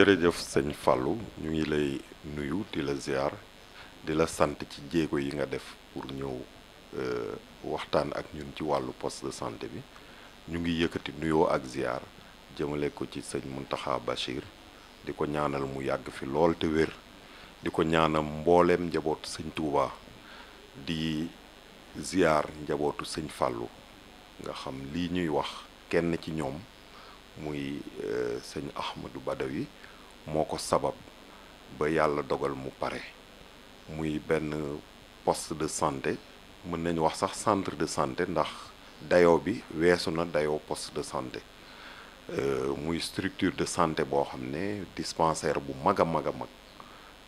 jërëjëf sëñ Fallou ñu ngi lay nuyu di la ziar di la sant ci jéego yi nga def pour ñëw euh, waxtaan ak ñun ci wàllu poste de santé bi ñu ngi yëkkati nuyoo ak ziar jëmale ko ci sëñ Mountakha Bachir di ko ñaanal mu yàgg fi lool te wér di ko ñaanam mbooleem njaboot sëñ Touba di ziar njabootu sëñ fàllu nga xam lii ñuy wax kenn ci ñoom muy euh, sëñ Ahmadou Badawi moo ko sabab ba yàlla dogal mu pare muy benn post de santé mën nañu wax sax centre de santé ndax dayo bi weesu na dayoo poste de santé euh, muy structure de santé boo xam ne dispensaire bu mag a mag a mag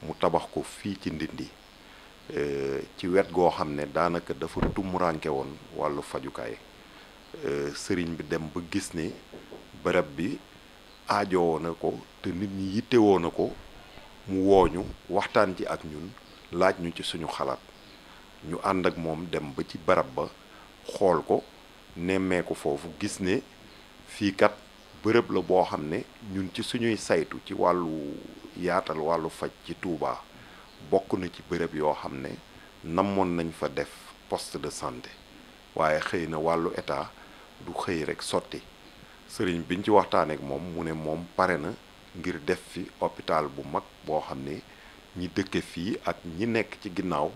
mu tabax ko fii ci Ndindi euh, ci wet goo xam ne daanaka dafa tumuranke woon wàllu fajukaay euh, sëriñ bi dem ba gis ni bërëb bi aajowoo na ko te nit ñi yittewoo na ko mu wooñu waxtaan ji ak ñun laaj ñu ci suñu xalaat ñu ànd ak moom dem ba ci barab ba xool ko nemmee ko foofu gis ne fii kat bërëb la boo xam ne ñun ci suñuy saytu ci wàllu yaatal wàllu faj ci Touba bokk na ci bërëb yoo xam ne namoon nañ fa def poste de santé waaye xëy na wàllu état du xëy rekk sotti sëriñ biñ ci waxtaaneek moom mu ne moom pare na ngir def fi hôpital bu mag boo xam ne ñi dëkke fii ak ñi nekk ci ginnaaw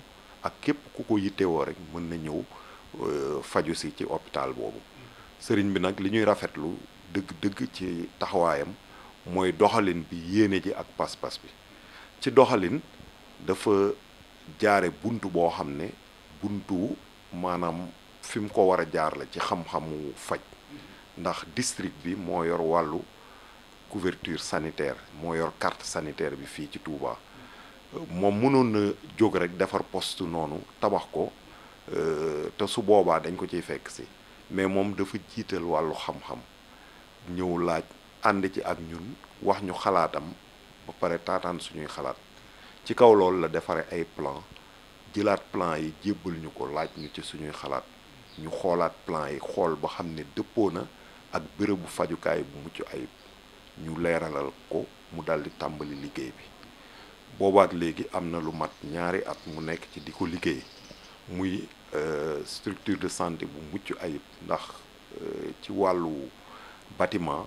ak képp ku ko yittewoo rek mën na ñëw euh, faju si ci hôpital boobu sëriñ bi nag li ñuy rafetlu dëgg-dëgg ci taxawaayam mooy doxalin bi yéene ji ak pas-pas bi ci doxalin dafa jaare bunt boo xam ne buntu maanaam fi mu ko war a jaar la ci xam-xamu faj ndax district bi moo yor wàllu couverture sanitaire moo yor carte sanitaire bi fii ci Touba moom mënoon na jóg rek defar poste noonu tabax ko euh, te su boobaa dañ ko ciy fekk si mais moom dafa jiital wàllu xam-xam ñëw laaj ànd ci ak ñun wax ñu xalaatam ba pare taataan suñuy xalaat ci kaw loolu la defare ay plan jëlaat plan yi jébbal ñu ko laaj ñu ci suñuy xalaat ñu xoolaat plan yi xool ba xam ne dëppoo na ak bérébu fajukaay bu mucc ayib ñu leeralal ko mu daldi tàmbali liggéey bi boobaak léegi am na lu mat ñaari at mu nekk ci di ko liggéey muy euh, structure de santé bu mucc ayib ndax euh, ci wàllu bâtiment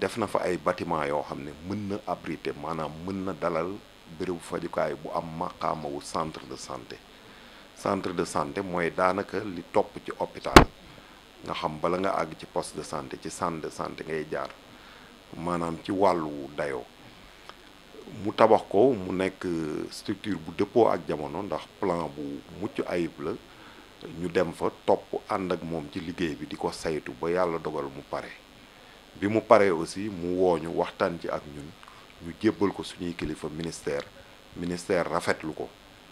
def na fa ay bâtiment yoo xam ne mën na abriter maanaam mën na dalal bérébu fajukaay bu am maqaama centre de santé centre de santé mooy daanaka li topp ci hôpital nga xam bala nga àgg ci poste de santé ci centre de santé ngay jaar maanaam ci wàllu dayoo mu tabax ko mu nekk euh, structure bu dëppoo ak jamono ndax plan bu mucc ayib la ñu dem fa topp ànd ak moom ci liggéey bi di ko saytu ba yàlla dogal mu pare bi mu paree aussi mu wooñu waxtaan ci ak ñun ñu jébbal ko suñuy kilifa ministère ministère rafetlu ko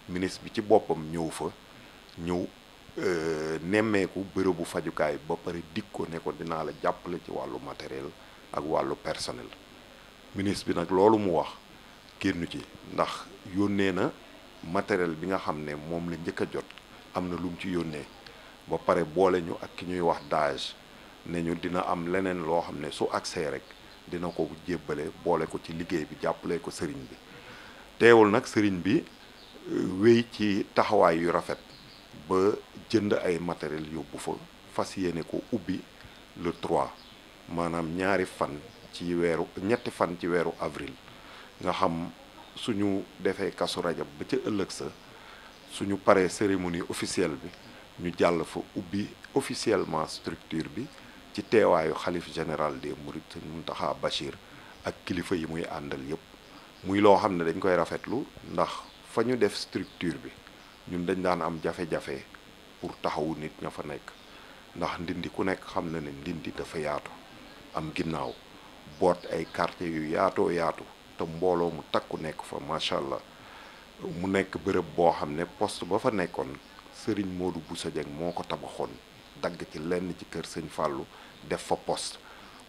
ministre bi ci boppam ñëw fa ñëw euh, nemmeeku bërëbu fajukaay ba pare dig ko ne ko dinaa la jàppale ci wàllu matériel ak wàllu personnel ministre bi nag loolu mu wax génn ci ndax yónnee na matériel bi nga xam ne moom la njëkk a jot am na lum ci yónnee ba pare boole ñu ak ki ñuy wax daaj ne ñu dina am leneen loo xam ne su accès rek dina ko jébbale boole ko ci liggéey bi jàppale ko sëriñ bi teewul nag sëriñ bi euh, wéy ci taxawaay yu rafet ba jënd ay matériel yóbbu fa fas yéene ko ubbi le troit maanaam ñaari fan ci weeru ñetti fan ci weeru avril nga xam suñu defee kasu rajab ba ca ëllëg sa suñu paree cérémonie officielle bi ñu jàll fa ubbi officiellement structure bi ci teewaayu xalif général des mourides taxa Bachir ak kilifa yi muy àndal yépp muy loo xam ne dañ koy rafetlu ndax fa ñu def structure bi ñun dañ daan am jafe-jafe pour taxawu nit ña fa nekk ndax ndindi ku nekk xam na ne ndindi dafa yaatu am ginnaaw boot ay quartier yu yaatoo yaatu te mbooloo mu takku nekk fa macha allah mu nekk bërëb boo xam ne post ba fa nekkoon sëriñ Modou Bousso Dieng moo ko tabaxoon dagg ci lenn ci kër sëñ fàllu def fa poste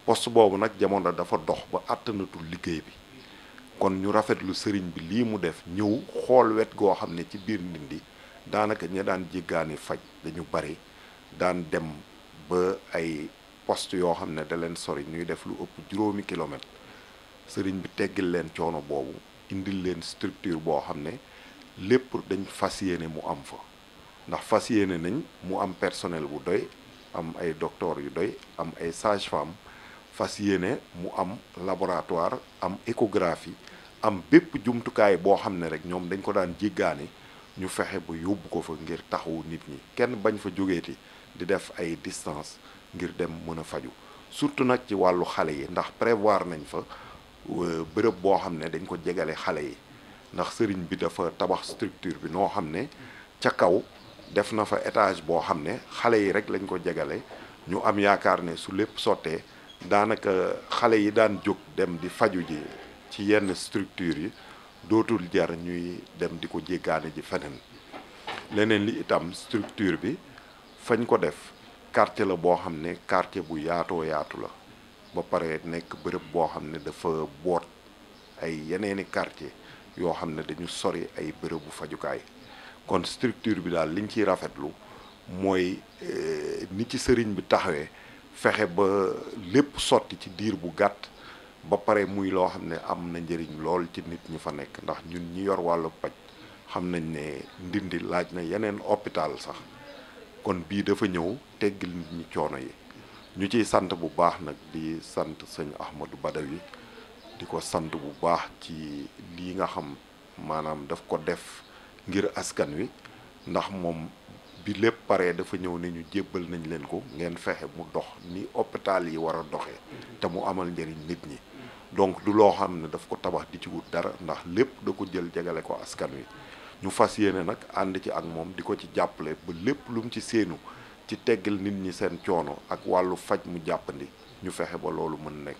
post boobu nag jamono dafa dox ba àttanatul liggéey bi kon ñu rafetlu sëriñ bi lii mu def ñëw xool wet goo xam ne ci biir Ndindi daanaka ña daan jéggaani faj dañu bari daan dem ba ay poste yoo xam ne da leen sori ñuy def lu ëpp juróomi kilomètre sëriñ bi teggil leen coono boobu indil leen structure boo xam ne lépp dañ fas yéene mu am fa ndax fas yéene nañ mu am personnel bu doy am ay docteur yu doy am ay sage-femme fas yéene mu am laboratoire am échographie am bépp jumtukaay boo xam ne rek ñoom dañ ko daan jéggaani ñu fexe ba yóbbu ko fa ngir taxawu nit ñi kenn bañ fa jógeeti di def ay distance ngir dem mën a faju surtout nag ci wàllu xale yi ndax prévoir nañ fa euh, bërëb boo xam ne dañ ko jegale xale yi ndax sëriñ bi dafa tabax structure bi noo xam ne ca kaw def na fa étage boo xam ne xale yi rek lañ ko jegale ñu am yaakaar ne su lépp sottee daanaka xale yi daan jóg dem di faju ji ci yenn structure yi dootul jar ñuy dem di ko jéggaane ji feneen leneen li itam structure bi fañ ko def quartier la boo xam ne quartier bu yaatoo yaatu la ba pare nekk bërëb boo xam ne dafa boot ay yeneeni quartier yoo xam ne dañu sori ay bërëbu fajukaay kon structure bi daal liñ ciy rafetlu mooy eh, ni ci sëriñ bi taxawee fexe ba lépp sotti ci diir bu gàtt ba pare muy loo xam ne am na njëriñ lool ci nit ñu fa nekk ndax ñun ñi yor wàllu paj xam nañ ne ndindi laaj na yeneen hôpital sax kon bii dafa ñëw teggil nit ñi coono yi ñu ciy sant bu baax nag di sant sëñ Ahmadou Badawi di ko sant bu baax ci lii nga xam maanaam daf ko def ngir askan wi ndax moom bi lépp pare dafa ñëw ne ñu jébbal nañ leen ko ngeen fexe mu dox ni hôpital yi war a doxee te mu amal njëriñ nit ñi donc du loo xam ne daf ko tabax di ci wut dara ndax lépp da ko jël jegale ko askan wi ñu fas yéene nag ànd ci ak moom di ko ci jàppale ba lépp lum ci séenu ci teggal nit ñi seen coono ak wàllu faj mu jàppandi ñu fexe ba loolu mën nekk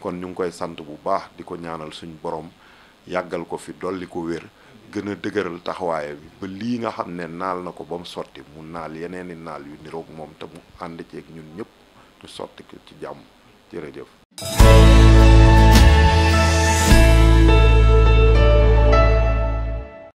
kon ñu ngi koy sant bu baax di ko ñaanal suñu borom yàggal ko fi dolli ko wér gën a dëgëral taxawaaya bi ba lii nga xam ne naal na ko ba mu sotti mu naal yeneeni naal yu niroog moom te mu ànd ceeg ñun ñëpp ñu sotti ko ci jàmm jërëjëf